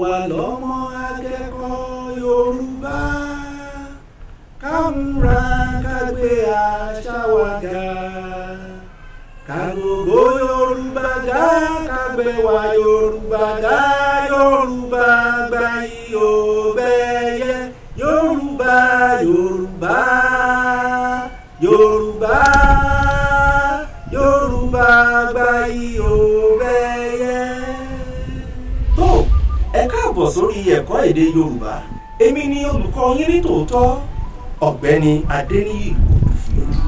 àwa lọ́mọ akẹ́kọ̀ọ́ Yorùbá ká múra ká gbé àṣà wa ga ká gbogbo Yorùbá ga ká gbé wa Yorùbá ga Yorùbá gbayì ó bẹ́yẹ Yorùbá Yorùbá Yorùbá Yorùbá gbayì ó. ẹ káàbọ̀ sórí ẹ̀kọ́ èdè yorùbá èmi ni olùkọ́ yín ní tòótọ́ ọ̀gbẹ́ni adéníyì òdùfíòjù.